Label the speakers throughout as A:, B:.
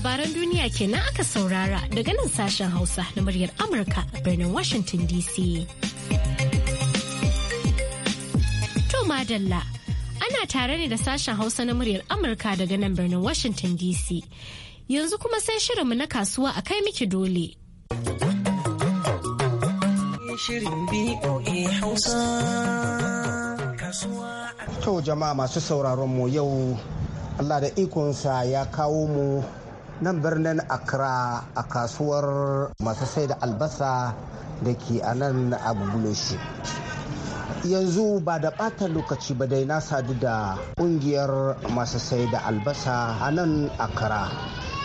A: labaran duniya kenan aka saurara daga nan sashen Hausa na muryar Amurka a birnin Washington DC. To madalla ana tare ne da sashen Hausa na muryar Amurka daga nan birnin Washington DC. Yanzu kuma sai shirinmu na kasuwa a kai miki
B: dole. Shirin
C: To jama'a masu sauraron mu yau Allah da ikonsa ya kawo mu nan birnin accra a kasuwar masu sai da albasa da ke a nan a yanzu ba da ɓata lokaci ba dai na sadu da ƙungiyar masu sai da albasa a nan accra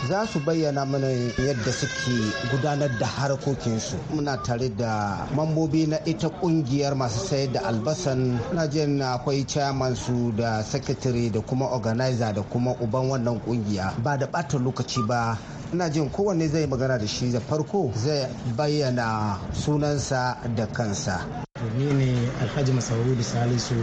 C: za su bayyana mana yadda suke gudanar da harkokinsu muna tare da mambobi na ita kungiyar masu sayar da albasan na jin akwai chairman su da secretary da kuma organizer da kuma uban wannan kungiya ba da ɓata lokaci ba ina jin kowanne zai magana da shi da farko zai bayyana sunansa da kansa ni ne
D: alhaji masaudu salisu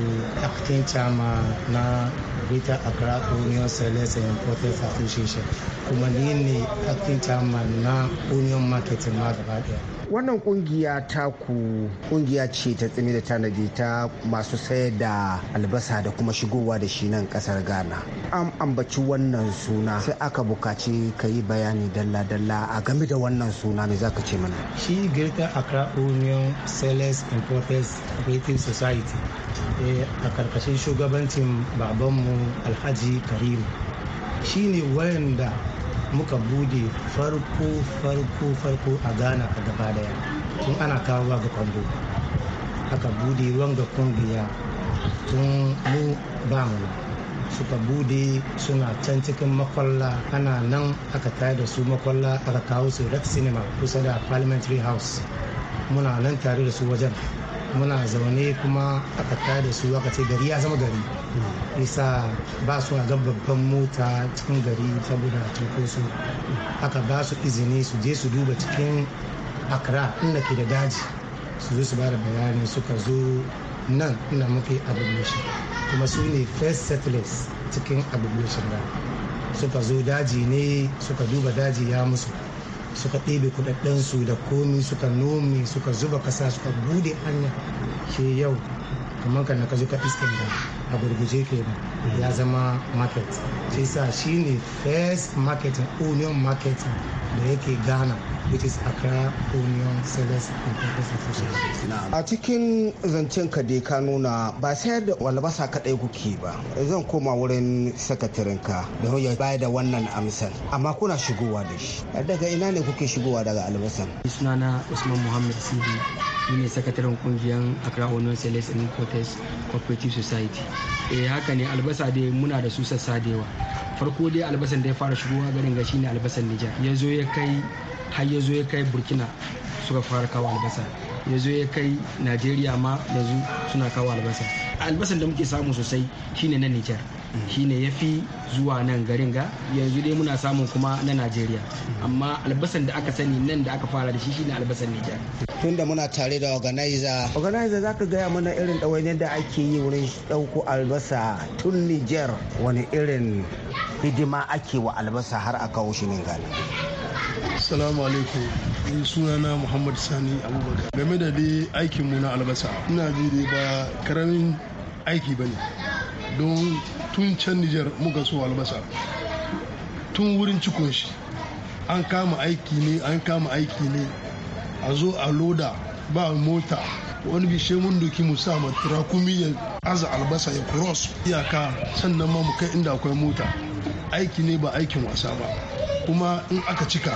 D: acting chairman na Greater Accra Union Sellers and Importers Association kuma ni ne hakkin chairman na Union Marketing ma gaba daya.
C: wannan kungiya ku kungiya ce ta tsimi da tanadi ta masu sayar da albasa da kuma shigowa da shi nan kasar ghana an ambaci wannan suna sai aka bukaci ka yi bayani dalla-dalla a game da wannan suna ne ka ce mana
D: shi greater accra union sellers importers creative society eh, a karkashin shugabancin babanmu alhaji karim shi ne wayanda muka bude farko farko farko a ghana a gaba daya tun ana kawowa ga kwando aka bude wanga kungiya tun mu ba mu suka bude suna can cikin makwalla ana nan aka tayar da su makwalla aka kawo su red cinema kusa da parliamentary house muna nan tare da su wajen muna zaune kuma a aka da su aka ce gari ya zama gari bisa ba su a babban mota cikin gari saboda su. aka ba su izini su je su duba cikin akra inda ke da daji su zo su ba da bayani suka zo nan ina muke abubuwan kuma su ne first settlers cikin abubuwan da suka zo daji ne suka duba daji ya musu suka ɗebe su da komi suka nome suka zuba kasa suka bude hanya ke yau kamar ka na ka ka iskan a gurguje kenan ya zama market shi sa shine first market union market da yake ghana which is Accra Union Sellers and traders Association.
C: A cikin zancen ka dai ka nuna ba sayar da walbasa kaɗai kuke ba. Zan koma wurin sakatarin ka don ya bayar da wannan amsan. Amma kuna shigowa da shi. Daga ina ne kuke shigowa daga albasan? Sunana Usman Muhammad Sidi shi ne sakataren kungiyar accra union sales and importers cooperative society E, haka ne albasa dai muna da su sassa da yawa farko dai albasan da ya fara shigowa garin gashi ne albasan nijar ya zo ya kai har ya zo ya kai burkina suka fara kawo albasa ya zo ya kai najeriya ma yanzu suna kawo albasa albasan da muke samu sosai shine na nijar shine ya fi zuwa nan garin ga yanzu dai muna samun kuma na najeriya amma albasan da aka sani nan da aka fara da shi shine albasan nijar tun muna tare da organizer organizer za ka gaya mana irin ɗawainiyar da ake yi wurin ɗauko albasa tun nijar wani irin hidima ake wa albasa har a kawo shi min gana Assalamu alaikum. sunana Muhammad Sani Abubakar. Game da dai aikin na albasa, ina ji dai ba karamin aiki bane. Don tun can nijar muka so albasa tun wurin cikon shi an kama aiki ne an kama aiki ne a zo a loda ba mota wani bishe mun doki mu sa matura kumi ya aza albasa ya cross iyaka sannan ma mu kai inda akwai mota aiki ne ba aikin wasa ba kuma in aka cika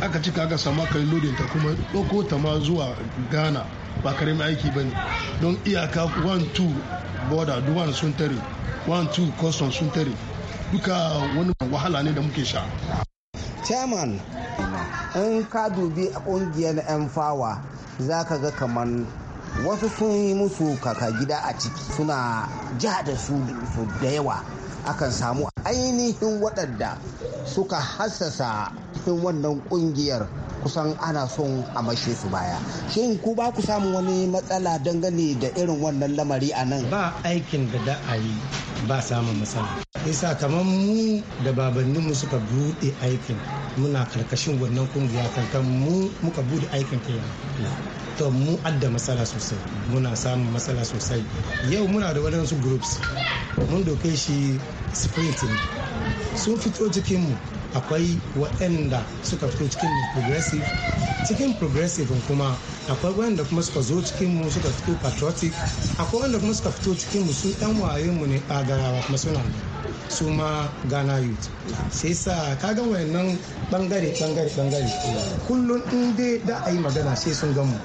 C: aka cika aka sama kai lodin ta kuma ɗauko ta ma zuwa ghana ba karamin aiki ba ne don iyaka 1-2 border duwan sun tare one two custom sun tare duka wani wahala ne da muke sha chairman in ka dubi a kungiyar yan fawa za ka ga kamar wasu sun yi musu kaka gida a ciki suna ja da su da yawa akan samu ainihin waɗanda suka hassasa cikin wannan kungiyar kusan ana son a mashe su baya shin ku ba ku samu wani matsala dangane da irin wannan lamari a nan ba aikin da da a yi ba samun matsala isa
D: kamar mu da mu suka buɗe aikin muna karkashin wannan kungiya kankan mu muka bude aikin ta to mu adda matsala sosai muna samun matsala sosai yau muna da wadansu groups mun doke shi sprinting sun fito cikin mu akwai waɗanda suka fito cikin progressive cikin progressive kuma akwai waɗanda kuma suka zo cikin mu suka fito patriotic akwai waɗanda kuma suka fito cikin mu su ɗan waye mu ne agarawa kuma suna su ma ghana youth sai sa kaga wayannan bangare bangare bangare kullum in dai da a yi magana sai sun gamu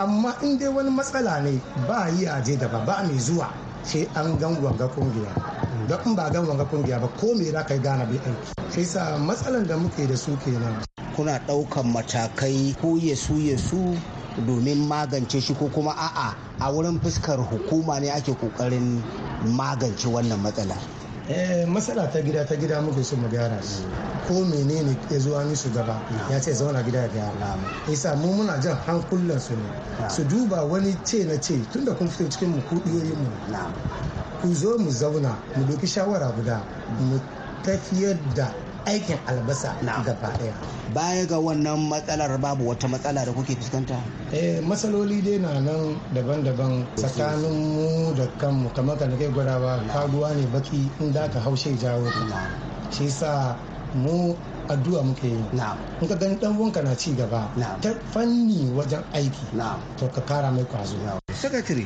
D: amma in dai wani matsala ne ba yi aje da ba ba mai zuwa sai an gan wanga kungiya don in ba gan
C: wanga kungiya ba ko me za ka yi gana bai aiki sai sa matsalan da muke da su kenan kuna ɗaukan matakai ko yesu yesu domin magance shi ko kuma a'a a wurin fuskar hukuma ne ake kokarin magance wannan matsala eh,
D: matsala ta gida ta gida
C: muke so mu gyara shi ko menene ya zo an su gaba ya
D: ce zauna gida ga isa mu muna jan hankulan su ne su duba wani ce na ce tunda kun fito cikin mu kudiyoyin mu ku zo mu zauna mu doki shawara
C: guda mu tafiyar da aikin albasa gaba daya baya ga wannan matsalar babu wata matsala da kuke fuskanta eh matsaloli dai na nan
D: daban-daban tsakanin mu da kanmu kamar ka nake gwadawa kaguwa ne baki inda ka haushe jawo shi sa mu addu'a muke yi in ka gani
C: dan wanka na ci gaba ta fanni wajen aiki to ka kara mai kwazo sakatare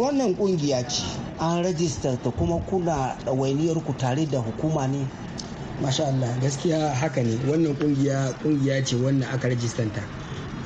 C: wannan kungiya ce an rajista ta kuma kuna ɗawainiyar ku tare da hukuma ne masha Allah gaskiya haka ne wannan kungiya kungiya ce wannan aka rajistanta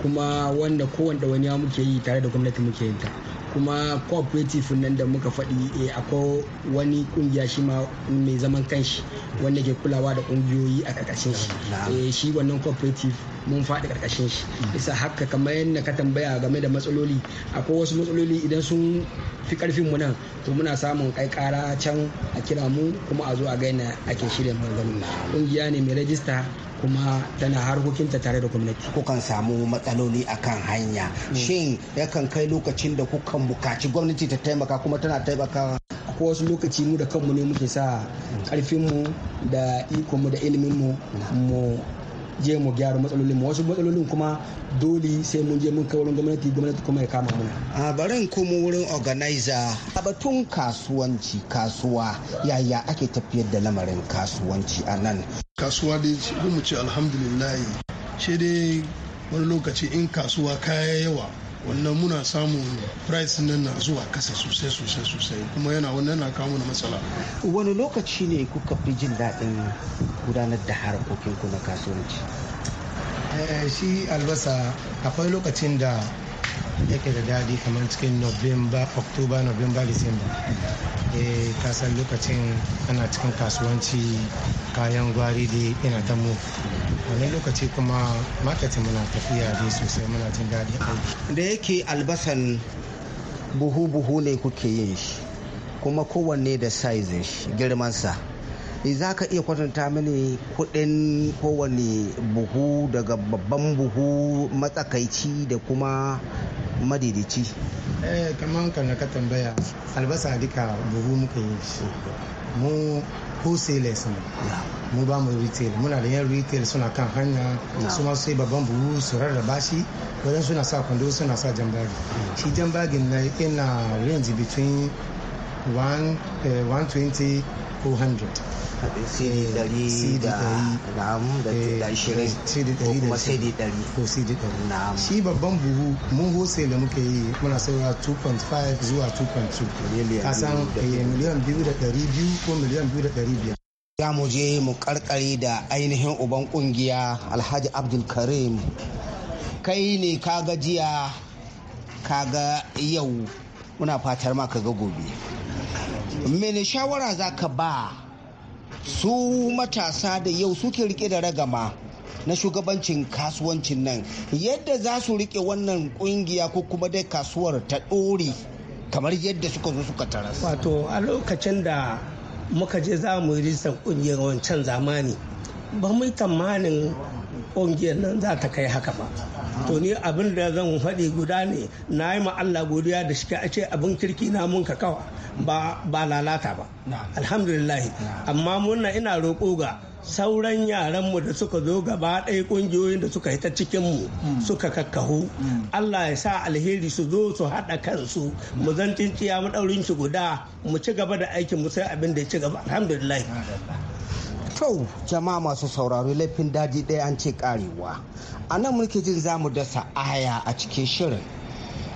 C: kuma wanda kowane ɗawainiya muke yi tare da gwamnati muke yin ta kuma cooperative nan da muka faɗi eh, akwai wani kungiya shi ma mai zaman kanshi wanda ke kulawa da kungiyoyi a ƙarƙashin shi eh, shi wannan cooperative mun faɗi karkashin shi bisa haka kamar yadda ka tambaya game da matsaloli akwai wasu matsaloli idan sun fi ƙarfin mu nan to muna samun kai ƙara can a kira mu kuma a zo a gaina ake shirya maganganu kungiya ne mai rajista kuma tana harkokinta tare da gwamnati. Kukan samu matsaloli akan hanya. Mm. Shin yakan kai lokacin da kukan bukaci gwamnati ta taimaka kuma tana taimakawa. Ko wasu lokaci mu da kanmu ne muke sa karfinmu da ikonmu da iliminmu mu mm. je mu gyara matsalolin mu wasu matsalolin kuma dole sai mun je mun kawo gwamnati gwamnati kuma ya kama mun. a barin kuma wurin organizer a batun kasuwanci kasuwa yaya ake tafiyar da lamarin kasuwanci a nan kasuwa dai mu ce alhamdulillah shi dai wani lokaci in kasuwa kaya yawa wannan muna samun price nan na zuwa kasa sosai sosai sosai kuma yana wannan na kawo mana matsala wani lokaci ne kuka fi jin daɗin gudanar da harkokin ku na kasuwanci
D: eh, shi albasa akwai lokacin da yake da daɗi kamar cikin november october november december eh, kasan lokacin ana cikin kasuwanci kayan gwari da yana ta mu wani lokaci kuma maketin muna tafiya dai sosai muna jin daɗin
C: da yake albasan buhu-buhu ne kuke yin shi kuma kowanne da size shi girmansa eh, za ka iya kwatanta mini kudin kowane buhu daga babban buhu matsakaici da kuma madidici eh kamar ka na ka tambaya
D: albasa duka
C: buhu muka yi shi mu
D: wholesalers ne mu ba mu retail muna da yan retail suna kan hanya su ma sai babban buhu su rarraba shi wajen suna sa kwando suna sa jan bagi shi jan bagin na ina range between 120 ko 100 sidi dari da na'am da ashirin ko kuma sidi dari ko eh, cd dari na'am shi babban buhu mun hose da muka yi muna saura
C: 2.5 zuwa 2.2 kasan miliyan biyu da dari biyu ko miliyan biyu da dari biyar za mu je mu karkare da ainihin uban kungiya alhaji abdulkarim kai ne ka gajiya ka ga yau muna fatar ma ka ga gobe mene shawara za ka ba su matasa da yau suke rike da ragama na shugabancin kasuwancin nan yadda za su rike wannan kungiya ko kuma dai kasuwar ta ɗore kamar yadda suka zo suka taras. wato a lokacin da muka je za mu risa kungiyar wancan zamani ba mu tamanin kungiyar nan za ta kai haka ba to ni abin da zan faɗi guda ne na yi ma Allah godiya da shi a ce abin kirki na mun ka kawa ba lalata ba alhamdulillah amma muna ina roƙo ga sauran yaranmu da suka zo gaba ɗaya ƙungiyoyin da suka hita cikinmu mm. suka kakkahu mm. Allah ya sa alheri su zo su haɗa kansu mu zan ciya mu ɗaurin shi guda mu ci gaba da aikin mu sai abin da ya ci gaba alhamdulillah To jama'a masu sauraro laifin daji ɗaya an ce karewa. A nan muke jin zamu mu dasa aya a cikin shirin.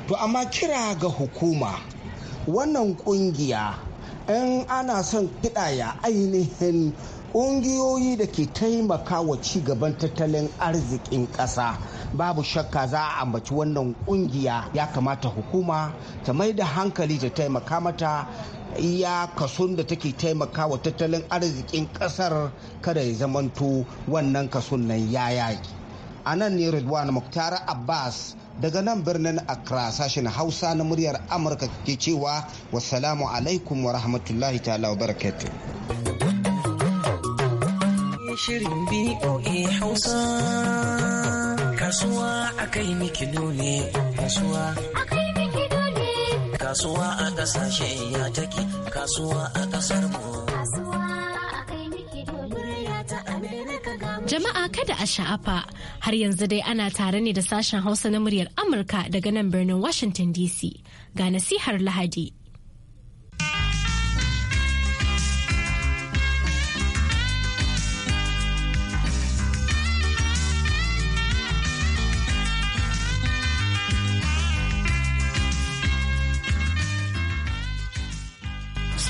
C: To amma kira ga hukuma wannan kungiya in ana son kiɗaya ainihin ƙungiyoyi da ke taimaka wa gaban tattalin arzikin ƙasa babu shakka za a ambaci wannan ƙungiya ya kamata hukuma ta mai da hankali ta taimaka mata iya kason da take taimakawa tattalin arzikin kasar kada ya zamanto wannan kason nan ya yaki a nan ne Ridwan Muktar Abbas daga nan birnin Accra sashen Hausa na muryar Amurka ke cewa wasalamu alaikum wa rahmatullahi ta'ala wa barakatu
B: a Hausa kasuwa akai miki ne kasuwa kasuwa a kasashe ya take kasuwa a kasar mu
E: Jama'a kada
A: a sha'afa har yanzu dai ana tare ne da sashen Hausa na muryar Amurka daga nan birnin Washington DC ga nasihar Lahadi.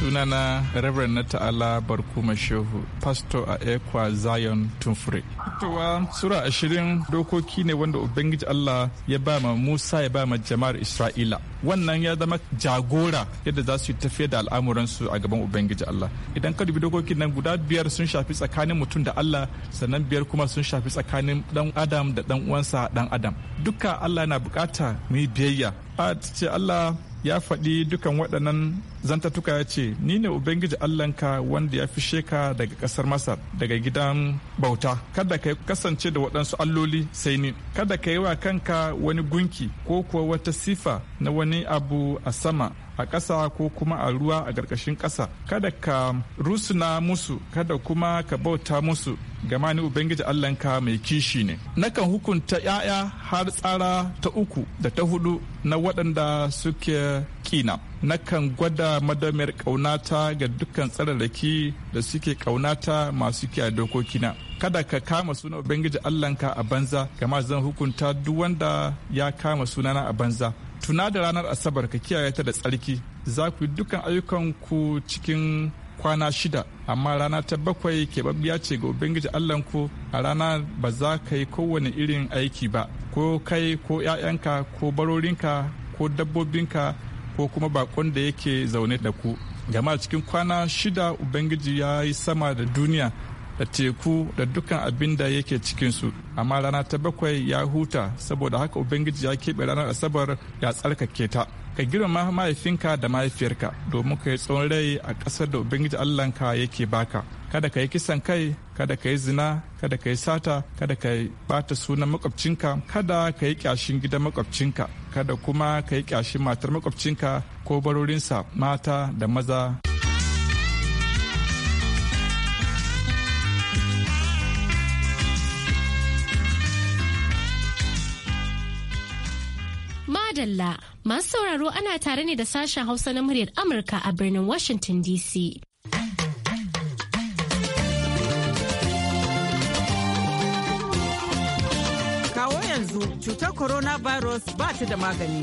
F: sunana Reverend na ta'ala barkuma shehu pastor a ekwa zion tumfure fitowa sura ashirin dokoki ne wanda ubangiji allah ya ba ma musa ya ba ma jama'ar isra'ila wannan ya zama jagora yadda za su tafiya da al'amuransu a gaban ubangiji allah idan ka dubi dokokin nan guda biyar sun shafi tsakanin mutum da allah sannan biyar kuma sun shafi tsakanin dan adam da dan uwansa dan adam duka allah na bukata mu yi biyayya a ce allah ya faɗi dukan waɗannan zantattuka ya ce ni ne ubangiji allahnka wanda ya fishe ka daga ƙasar masar daga gidan bauta kada ka kasance da waɗansu alloli sai ni kada ka yi wa kanka wani gunki ko kuwa wata sifa na wani abu a sama a ƙasa ko kuma a ruwa a ƙarƙashin ƙasa kada ka rusuna musu kada kuma ka bauta musu gama ni ubangiji allahnka mai kishi ne nakan hukunta 'ya'ya har tsara ta uku da ta hudu na waɗanda suke kina nakan gwada madamiyar ƙaunata ga dukkan tsararraki da suke ƙaunata masu kiyaye dokokina kada ka kama sunan ubangiji allahnka a banza gama zan hukunta duk wanda ya kama sunana a banza tuna da ranar asabar ka kiyaye ta da tsarki za ku yi dukkan ayyukan ku cikin kwana shida amma rana ta bakwai keɓaɓɓiya ce ga ubangiji allahnku a rana ba za ka yi kowane irin aiki ba ko kai ko 'ya'yanka ko barorinka ko dabbobinka ko kuma bakon da yake zaune da ku gama cikin kwana shida ubangiji ya yi sama da duniya da teku da dukkan abin da yake cikinsu amma rana ta bakwai ya huta saboda haka ubangiji ya keɓe ranar asabar ya tsarkake ta ka girmama mahaifinka da mahaifiyarka domin ka yi tsawon rai a ƙasar da ubangiji allahnka yake baka kada ka yi kisan kai kada ka yi zina kada ka yi sata kada ka yi bata sunan makwabcinka kada ka yi kyashin gidan makwabcinka kada kuma ka yi kyashin matar makwabcinka ko barorinsa mata da maza
A: dalla masu sauraro ana tare ne da sashen hausa na muryar amurka a birnin washington dc
G: kawo yanzu cutar coronavirus ba ta da magani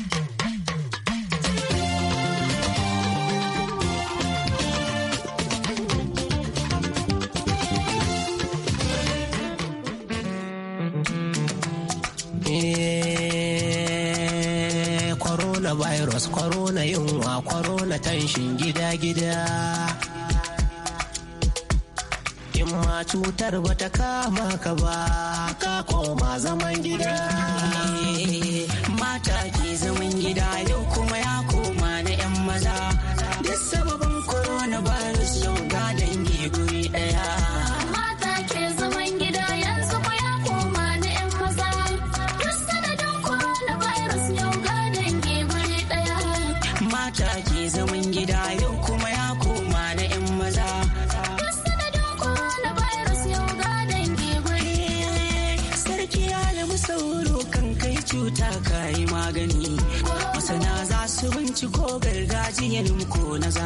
H: na korona yunwa korona tanshin gida-gida in ma
B: cutar ta kama ka ba ka koma zaman gida mata ke zaman gida yau kuma ya koma na 'yan maza da sababin korona virus yau ga dangi guri daya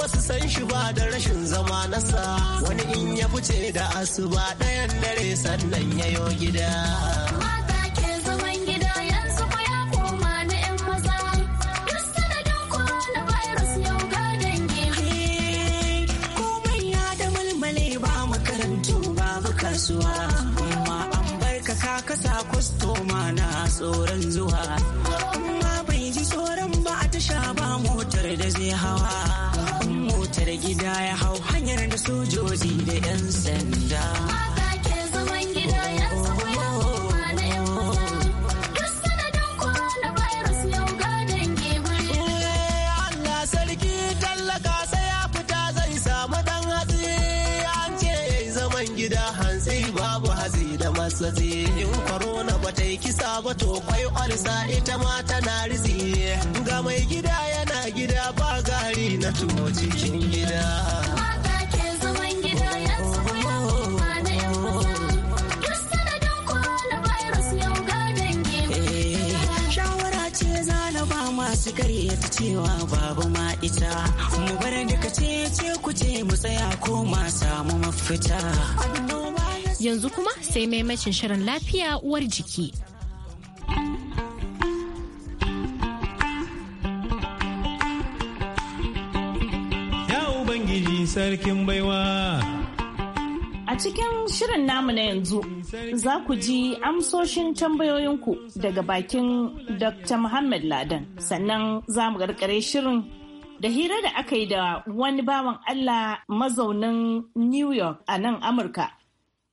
H: ba su san shi ba da rashin zama na sa, wani in ya fice da asuba ɗayan dare sannan ya yo gida.
B: kasuwa amma an barka ka kasa kwastoma na tsoron zuwa amma bai ji tsoron ba a tasha ba motar da zai hawa gida ya hau hanyar da sojoji da 'yan sanda.
H: hassasi in corona ba ta yi kisa ba to kwai olsa ita ma tana rizi ga mai gida yana gida ba gari na tuno cikin gida.
B: ta cewa babu ma ita mu bar duka ce ce ku ce mu tsaya ko ma samu mafita
A: Yanzu kuma sai maimacin shirin lafiya uwar jiki.
H: Ya Ubangiji sarkin baiwa.
G: A cikin shirin namu na yanzu za ku ji amsoshin tambayoyinku daga bakin Dr. Muhammad Ladan. Sannan za mu karkare shirin da hira da aka yi da wani bawan Allah mazaunin New York a nan Amurka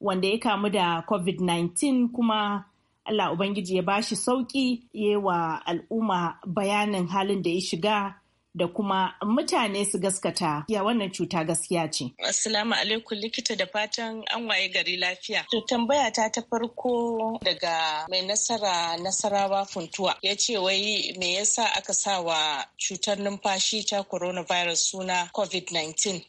G: wanda ya kamu da covid-19 kuma Allah Ubangiji ya bashi sauki yi wa al'umma bayanin halin da ya shiga da kuma mutane su gaskata ya wannan cuta gaskiya ce. Assalamu alaikum likita da fatan an waye gari lafiya. To tambaya ta ta farko daga mai nasara nasarawa funtuwa ya ce wai me yasa aka sa wa cutar numfashi ta coronavirus suna COVID-19.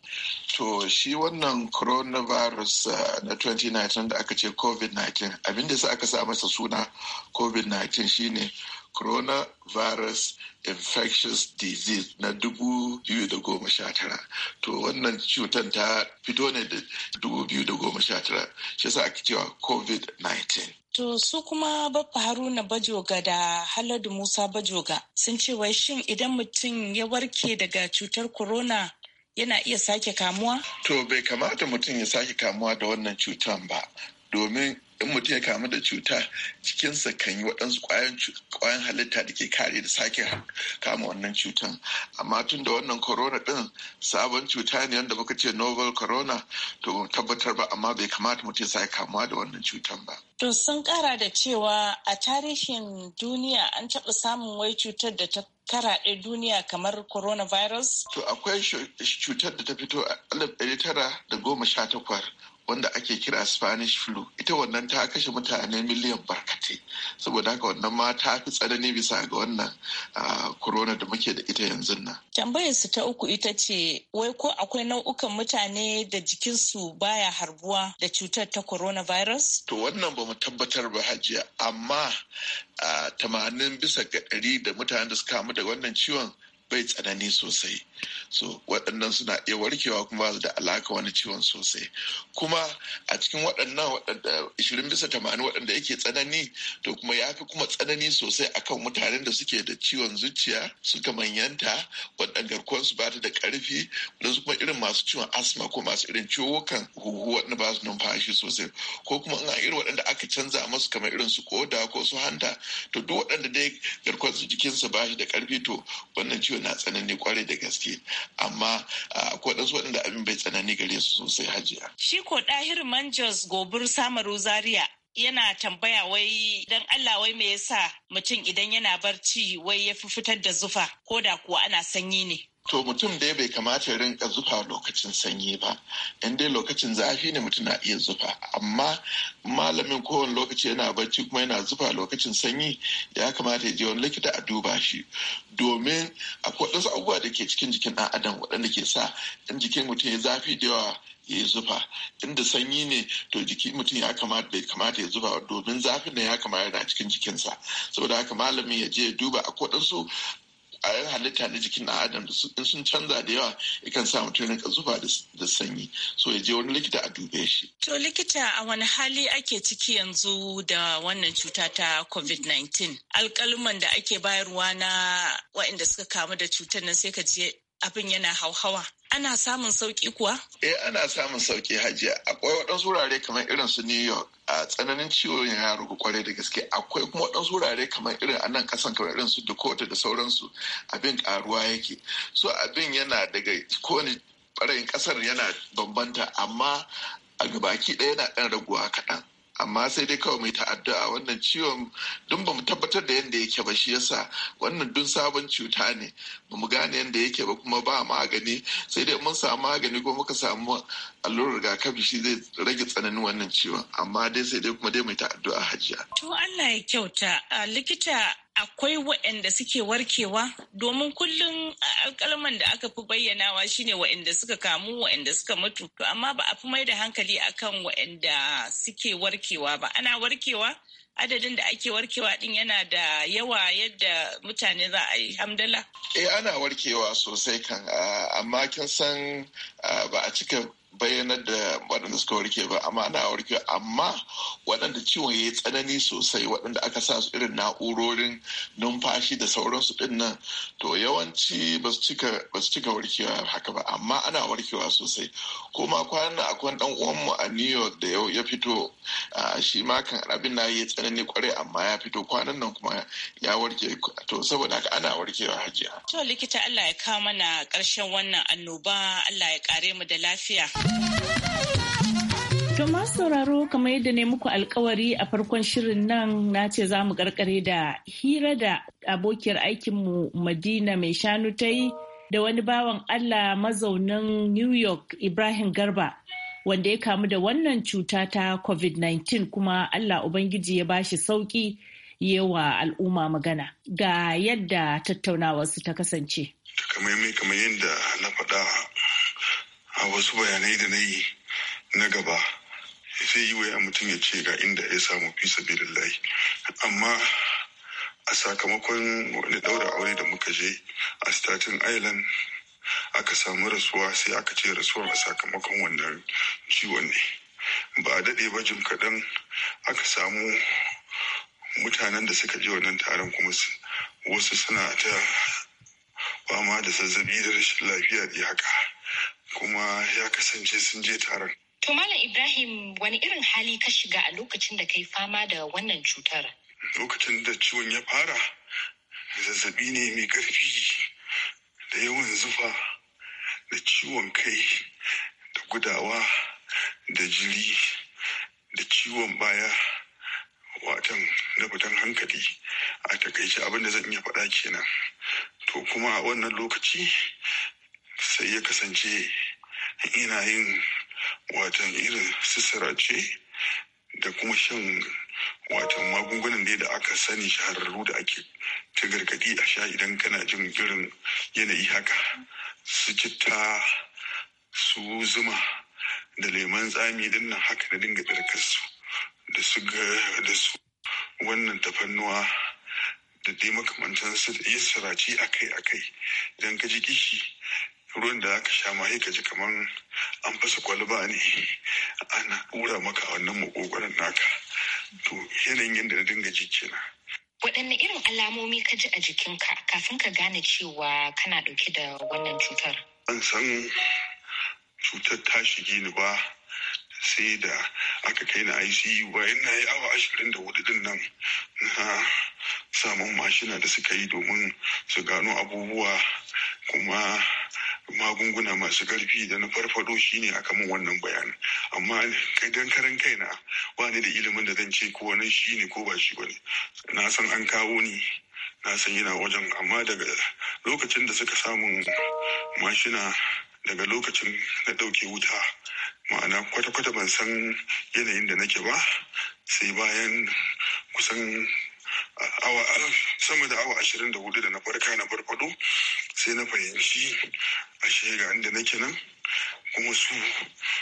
I: To shi wannan coronavirus uh, na 2019 da aka ce COVID-19 abinda sa aka sa masa suna COVID-19 shine coronavirus infectious disease na 2019 to wannan cutar ta fito ne da 2019 shi sa ake cewa covid-19
G: To su kuma Baffa Haruna Bajoga da Haladu Musa Bajoga sun ce wai shin idan mutum ya warke daga cutar corona yana iya sake kamuwa?
I: To bai kamata mutum ya sake kamuwa da wannan cutan ba domin in mutum ya kamu da cuta cikinsa kan yi waɗansu ƙwayan halitta da ke kare da sake kama wannan cutan amma tun da wannan corona ɗin sabon cuta ne wanda muka ce novel corona to tabbatar ba amma bai kamata mutum ya sake kamuwa da wannan cutan ba.
G: To sun kara da cewa a tarihin duniya an taɓa samun wai cutar da ta karaɗe duniya kamar coronavirus?
I: To akwai cutar da ta fito a 1918 wanda ake kira spanish flu ita wannan ta kashe mutane miliyan barkate saboda haka wannan ma ta fi tsanani bisa ga wannan corona da muke da ita yanzu nan
G: tambayar su ta uku ita ce wai ko akwai nau'ukan mutane da jikinsu baya harbuwa da cutar ta coronavirus
I: to wannan ba mu tabbatar ba hajiya amma tamanin bisa ga ɗari da mutanen da suka kamu da wannan ciwon bai tsanani sosai so waɗannan suna iya warkewa kuma ba da alaka wani ciwon sosai kuma a cikin waɗannan 20 bisa 80 waɗanda yake tsanani to kuma ya fi kuma tsanani sosai akan mutanen da suke da ciwon zuciya suka manyanta waɗanda garkuwar su bata da ƙarfi su kuma irin masu ciwon asma ko masu irin ciwokan huhu waɗanda ba su numfashi sosai ko kuma in a irin waɗanda aka canza musu kamar irin su koda ko su hanta to duk waɗanda dai garkuwar jikinsa ba shi da ƙarfi to wannan ciwon na tsanani kwarai da gaske amma akwai ɗansu waɗanda abin bai tsanani gare su sosai hajiya.
G: Shi ko ɗahir Manjos Gobir Samaru Zaria yana tambaya wai don Allah wai me yasa mutum idan yana barci wai ya fi fitar da zufa ko da kuwa ana sanyi ne.
I: to mutum dai bai kamata ya rinka zufa lokacin sanyi ba in dai lokacin zafi ne mutum na iya zufa amma malamin kowane lokaci yana barci kuma yana zufa lokacin sanyi ya kamata ya je wani likita a duba shi domin akwai wasu abubuwa da ke cikin jikin ɗan adam waɗanda ke sa in jikin mutum ya zafi da yawa ya zufa inda sanyi ne to jiki mutum ya kamata bai kamata ya zufa domin zafin da ya kamata yana cikin jikinsa saboda haka malamin ya je ya duba a wasu a yan halitta na jikin na adam in sun canza da yawa yakan sa mutum rinka zuba da sanyi so ya je wani likita a dube shi.
G: To likita a wani hali ake ciki yanzu da wannan cuta ta COVID-19 Alkaluman da ake bayarwa na waɗanda suka kamu da cutar nan sai ka je abin yana hauhawa. Ana samun sauki kuwa?
I: Eh ana samun sauki hajiya. Akwai waɗansu wurare kamar irin su New York a tsananin ciwon ya rugu kwarai da gaske. Akwai kuma waɗansu wurare kamar irin anan nan kasan kamar irin su Dakota da sauransu abin karuwa yake. So abin yana daga kowane ɓarayin ƙasar yana bambanta amma a gabaki ɗaya yana ɗan raguwa kaɗan. amma sai dai kawai mai ta'addu'a wannan ciwon dun ba mu tabbatar da yadda yake ba shi yasa wannan dun sabon cuta ne ba mu gane yadda yake ba kuma ba magani sai dai mun samu magani ko muka samu allurar rigakafi shi zai rage tsananin wannan ciwon amma dai sai dai kuma dai mai ta'addu'a
G: hajiya. to Allah ya kyauta likita akwai waɗanda suke warkewa domin kullum alkalman da aka fi bayyanawa shine waɗanda suka kamu waɗanda suka mutu to amma ba a fi mai da hankali akan waɗanda suke warkewa ba ana warkewa adadin da ake warkewa din yana da yawa yadda mutane za a yi hamdala?
I: Eh ana warkewa sosai kan amma kin san ba a cika bayyanar da waɗanda suka warke ba amma ana warke amma waɗanda ciwon ya yi tsanani sosai waɗanda aka sa su irin na'urorin numfashi da sauransu ɗin nan to yawanci ba su cika warkewa haka ba amma ana warkewa sosai kuma kwanan akwai ɗan uwanmu a new york da yau ya fito shi ma kan abin na yi tsanani kwarai amma ya fito kwanan nan kuma ya warke to saboda haka ana
G: warkewa hajiya to likita Allah ya kawo mana ƙarshen wannan annoba Allah ya kare mu da lafiya masu sauraro kamar yadda ne muku alkawari a farkon shirin nan na ce za mu karkare da hira da abokiyar aikinmu Madina mai shanu ta yi da wani bawan Allah mazaunin New York Ibrahim Garba wanda ya kamu da wannan cuta ta COVID-19 kuma Allah Ubangiji ya bashi sauki yawa al'umma magana ga yadda tattaunawarsu ta kasance.
J: Kamar yadda na faɗa a wasu bayanai da na yi na gaba zai yi waya mutum ya ce ga inda ya samu fi sabilillahi amma a sakamakon wani ɗaura aure da muka je a statin island aka samu rasuwa sai aka ce rasuwa a sakamakon wannan ciwon ne ba a daɗe ba jim kaɗan aka samu mutanen da suka je wannan taron kuma wasu suna ta fama da zazzabi da rashin lafiya da haka kuma ya kasance sun je taron.
A: To Malam Ibrahim wani irin hali ka shiga a lokacin da kai fama da wannan cutar?
J: Lokacin da ciwon ya fara zazzabi ne mai ƙarfi da yawan zufa da ciwon kai da gudawa da jiri da ciwon baya watan da fitan hankali a takaice abin da zan iya faɗa kenan to kuma a wannan lokaci sai ya kasance ina yin watan irin sisirace da kuma shan watan magungunan da da aka sani shahararru da ake ta gargadi a sha idan kana jin irin yanayi haka su citta su zuma da leman tsami don nan haka na dinga ɗarkar su da su da su wannan tafannuwa da dai makamantan da yi sirace akai akai idan ka ji kishi ruwan da aka sha ma ka ji kamar an fasa kwalba ne ana ƙura maka a wannan makogoron naka to yanayin yadda na dinga ji kenan
A: waɗanne irin alamomi ka ji a jikinka kafin ka gane cewa kana ɗauke da wannan cutar
J: an san cutar ta shige ni ba sai da aka kai na ICU bayan na yi awa ashirin da hudu din nan na samun mashina da suka yi domin su gano abubuwa kuma magunguna masu ƙarfi da na farfado shine aka min wannan bayanin amma kai don karan kaina ba ni da ilimin da zan ce ko shi shine ko ba shi ba ne na san an kawo ni na san yana wajen amma daga lokacin da suka samun mashina daga lokacin na ɗauke wuta ma'ana kwata-kwata ban san yanayin da nake ba sai bayan kusan awa sama da awa ashirin da hudu da na farka na farfado sai na fahimci ashe ga inda nake nan kuma su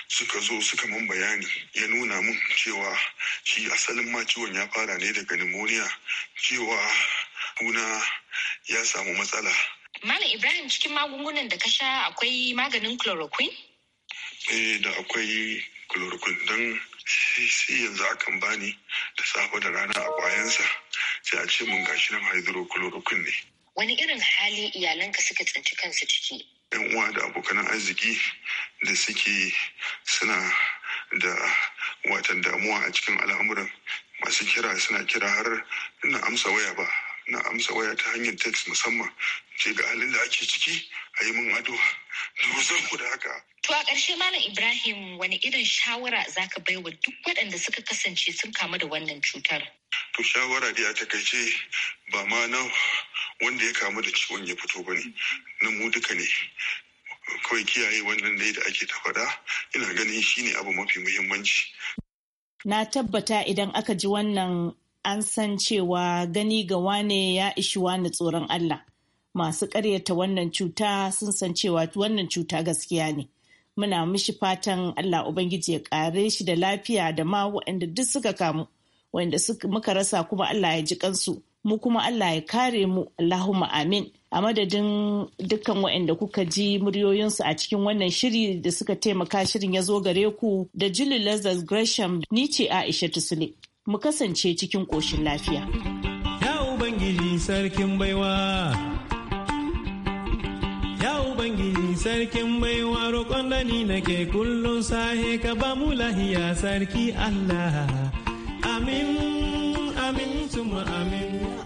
J: suka zo suka min bayani ya nuna mun cewa shi asalin ma ciwon ya fara ne daga pneumonia cewa kuna ya samu matsala
A: Malam Ibrahim cikin magungunan da ka sha akwai maganin chloroquine?
J: Eh da akwai chloroquine don sai yanzu akan bani da safe da rana a kwayansa. sai a ce mun gashi nan hydrochloroquine ne
B: wani irin
A: hali iyalanka suka tsinci kansu ciki
J: yan uwa da abokan arziki da suke suna da watan damuwa a cikin al'amuran masu kira suna kira har ina amsa waya ba na amsa waya ta hanyar text musamman ce ga halin da ake ciki a yi min ado zan ku da haka.
E: To a ƙarshe
A: Malam Ibrahim wani irin shawara zaka ka bai wa duk waɗanda suka kasance sun kamu da wannan cutar?
J: To shawara dai a takaice ba ma na wanda ya kamu da ciwon ya fito ba ne, na mu duka ne. Kawai kiyaye wannan dai da ake ta faɗa, ina ganin shi ne abu mafi muhimmanci.
G: Na tabbata idan aka ji wannan an san cewa gani ga wane ya ishi wani tsoron Allah. Masu karyata wannan cuta sun san cewa wannan cuta gaskiya ne. Muna mishi fatan Allah Ubangiji ya kare shi da lafiya da ma waɗanda duk suka kamu, waɗanda muka rasa kuma Allah ya ji kansu, mu kuma Allah ya kare mu, Allahumma amin. A madadin dukkan waɗanda kuka ji muryoyinsu a cikin wannan shiri da suka taimaka shirin ya zo gare ku da Julie Lazarus Gresham ni ce Aisha Tusule. mu kasance cikin ƙoshin lafiya.
H: Ya Ubangiji sarkin baiwa, Ya Ubangiji sarkin baiwa roƙon da ni nake kullum sahe ka ba mu lahiya sarki Allah. Amin, amin, tuma amin.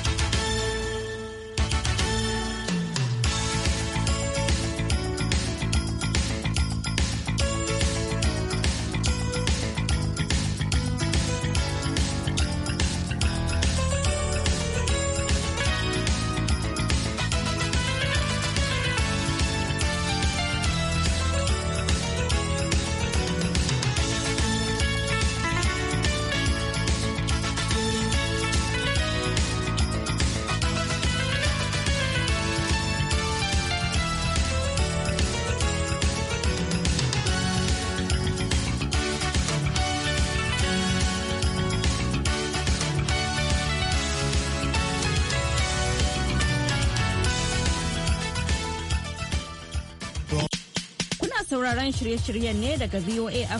B: shirye-shiryen ne daga VOA